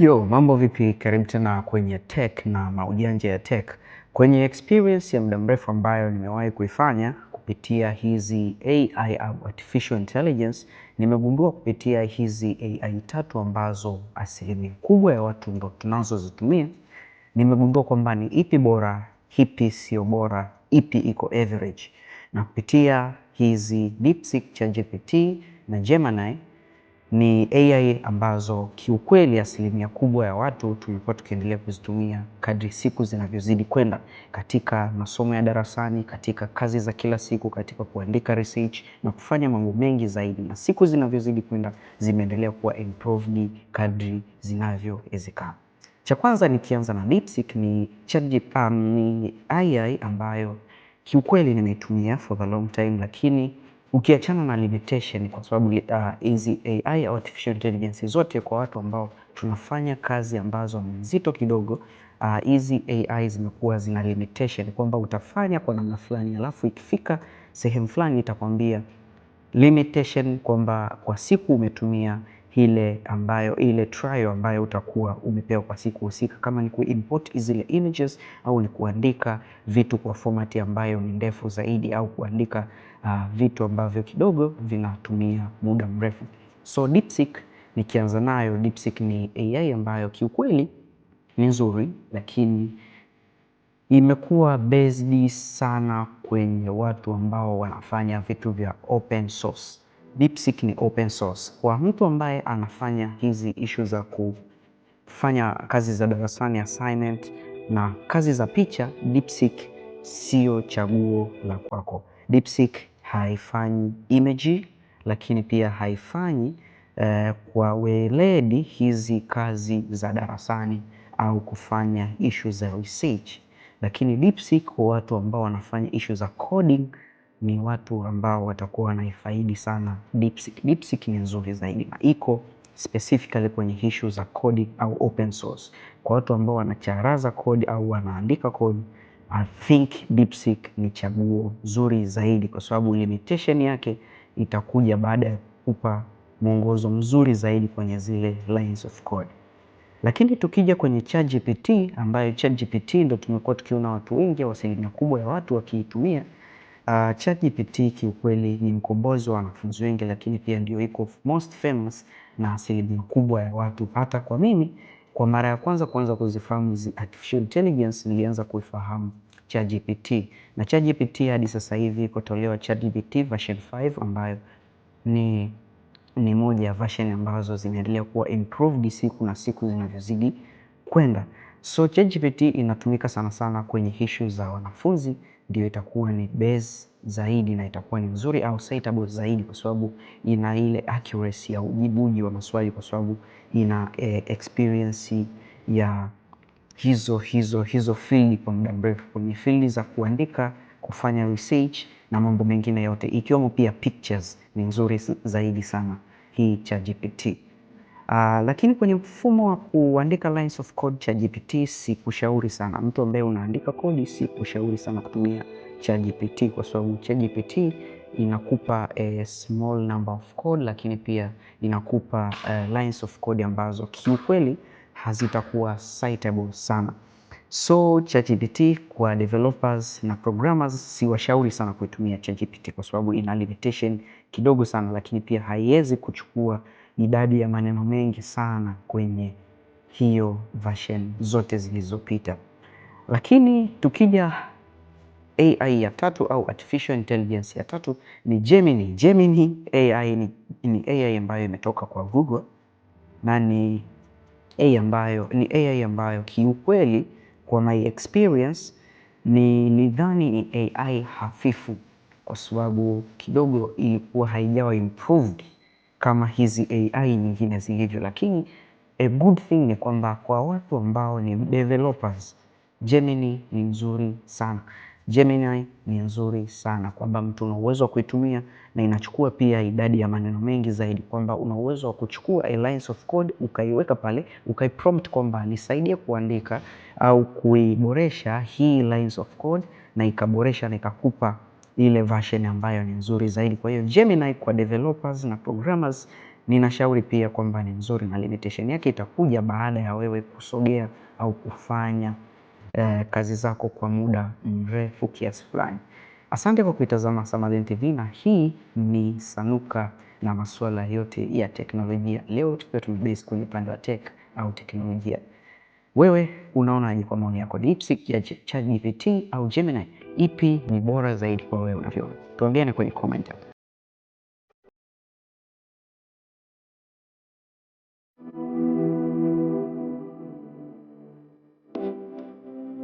Yo, mambo vipi? Karibu tena kwenye tech na maujanja ya tech. Kwenye experience ya muda mrefu ambayo nimewahi kuifanya kupitia hizi AI au artificial intelligence, nimegundua kupitia hizi AI tatu ambazo asilimia kubwa ya watu ndo tunazozitumia, nimegundua kwamba ni ipi bora, ipi sio bora, ipi iko average. Na kupitia hizi DeepSeek, ChatGPT na Gemini ni AI ambazo kiukweli asilimia kubwa ya watu tumekuwa tukiendelea kuzitumia kadri siku zinavyozidi kwenda, katika masomo ya darasani, katika kazi za kila siku, katika kuandika research na kufanya mambo mengi zaidi, na siku zinavyozidi kwenda zimeendelea kuwa improved kadri zinavyowezekana. Cha kwanza nikianza na DeepSeek ni ChatGPT, um, ni AI ambayo kiukweli nimeitumia for the long time, lakini Ukiachana na limitation kwa sababu uh, hizi uh, AI artificial intelligence zote kwa watu ambao tunafanya kazi ambazo ni nzito kidogo, uh, hizi uh, AI zimekuwa zina limitation kwamba utafanya kwa namna fulani, alafu ikifika sehemu fulani itakwambia limitation kwamba kwa siku umetumia ile ambayo ile trial ambayo utakuwa umepewa kwa siku husika, kama ni kuimport zile images au ni kuandika vitu kwa fomati ambayo ni ndefu zaidi au kuandika uh, vitu ambavyo kidogo vinatumia muda mrefu. So DeepSeek nikianza nayo, DeepSeek ni AI ambayo kiukweli ni nzuri, lakini imekuwa based sana kwenye watu ambao wanafanya vitu vya open source. DeepSeek ni open source. Kwa mtu ambaye anafanya hizi ishu za kufanya kazi za darasani assignment na kazi za picha, DeepSeek sio chaguo la kwako. DeepSeek haifanyi image, lakini pia haifanyi eh, kwa weledi hizi kazi za darasani au kufanya ishu za research, lakini DeepSeek kwa watu ambao wanafanya ishu za coding ni watu ambao watakuwa wanaifaidi sana DeepSeek. DeepSeek ni nzuri zaidi na iko specifically kwenye issue za kodi au open source. Kwa watu ambao wanacharaza kodi au wanaandika kodi, I think DeepSeek ni chaguo zuri zaidi kwa sababu limitation yake itakuja baada ya kupa mwongozo mzuri zaidi kwenye zile lines of code. Lakini tukija kwenye ChatGPT ambayo ChatGPT ndo tumekuwa tukiona watu wengi au asilimia kubwa ya watu wakiitumia Uh, ChatGPT kiukweli ni mkombozi wa wanafunzi wengi, lakini pia ndio iko most famous na asilimia kubwa ya watu. Hata kwa mimi, kwa mara ya kwanza kuanza kuzifahamu artificial intelligence, nilianza kuifahamu ChatGPT na ChatGPT hadi sasa hivi iko tolewa ChatGPT version 5 ambayo ni ni moja ya version ambazo zinaendelea kuwa improved siku na siku zinavyozidi kwenda. So ChatGPT inatumika sana sana kwenye issue za wanafunzi, ndio itakuwa ni base zaidi na itakuwa ni nzuri au citable zaidi, kwa sababu ina ile accuracy ya ujibuji wa maswali, kwa sababu ina eh, experience ya hizo hizo hizo field kwa muda mrefu, kwenye field za kuandika, kufanya research na mambo mengine yote, ikiwemo pia pictures. Ni nzuri zaidi sana hii ChatGPT. Ah, lakini kwenye mfumo wa kuandika lines of code, ChatGPT sikushauri sana. Mtu ambaye unaandika kodi, sikushauri sana kutumia ChatGPT kwa sababu ChatGPT inakupa a eh, small number of code, lakini pia inakupa uh, lines of code ambazo kiukweli hazitakuwa citable sana. So ChatGPT kwa developers na programmers siwashauri sana kuitumia ChatGPT kwa sababu ina limitation kidogo sana, lakini pia haiwezi kuchukua idadi ya maneno mengi sana kwenye hiyo version zote zilizopita. Lakini tukija AI ya tatu au artificial intelligence ya tatu ni Gemini. Gemini AI ni, ni AI ambayo imetoka kwa Google na ni AI ambayo, ni AI ambayo kiukweli kwa my experience ni nidhani ni AI hafifu kwa sababu kidogo ilikuwa haijawa improved kama hizi AI nyingine zilivyo, lakini a good thing ni kwamba kwa watu ambao ni developers, Gemini ni nzuri sana. Gemini ni nzuri sana kwamba mtu una uwezo wa kuitumia na inachukua pia idadi ya maneno mengi zaidi, kwamba una uwezo wa kuchukua a lines of code ukaiweka pale, ukaiprompt kwamba nisaidie kuandika au kuiboresha hii lines of code, na ikaboresha na ikakupa ile version ambayo ni nzuri zaidi. Kwa hiyo Gemini kwa developers na programmers ninashauri pia kwamba ni nzuri na limitation yake itakuja baada ya wewe kusogea au kufanya eh, kazi zako kwa muda mrefu kiasi fulani. Asante kwa kuitazama Samalen TV na hii ni sanuka na masuala yote ya teknolojia. Leo tukiwa tumebase kwenye upande wa tech au teknolojia. Wewe unaona kwa maoni yako, DeepSeek ya ChatGPT au Gemini, ipi ni bora zaidi kwa wewe unavyoona? Tuambiane kwenye comment.